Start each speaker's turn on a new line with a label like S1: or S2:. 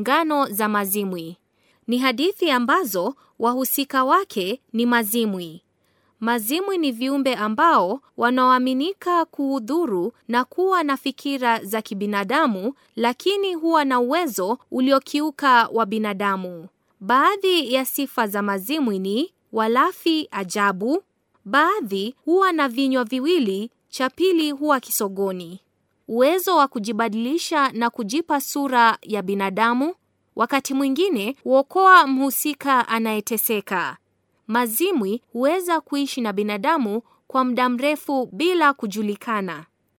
S1: Ngano za Mazimwi ni hadithi ambazo wahusika wake ni mazimwi. Mazimwi ni viumbe ambao wanaoaminika kuhudhuru na kuwa na fikira za kibinadamu, lakini huwa na uwezo uliokiuka wa binadamu. Baadhi ya sifa za mazimwi ni walafi ajabu. Baadhi huwa na vinywa viwili, cha pili huwa kisogoni uwezo wa kujibadilisha na kujipa sura ya binadamu, wakati mwingine huokoa mhusika anayeteseka. Mazimwi huweza kuishi na binadamu kwa muda mrefu bila kujulikana.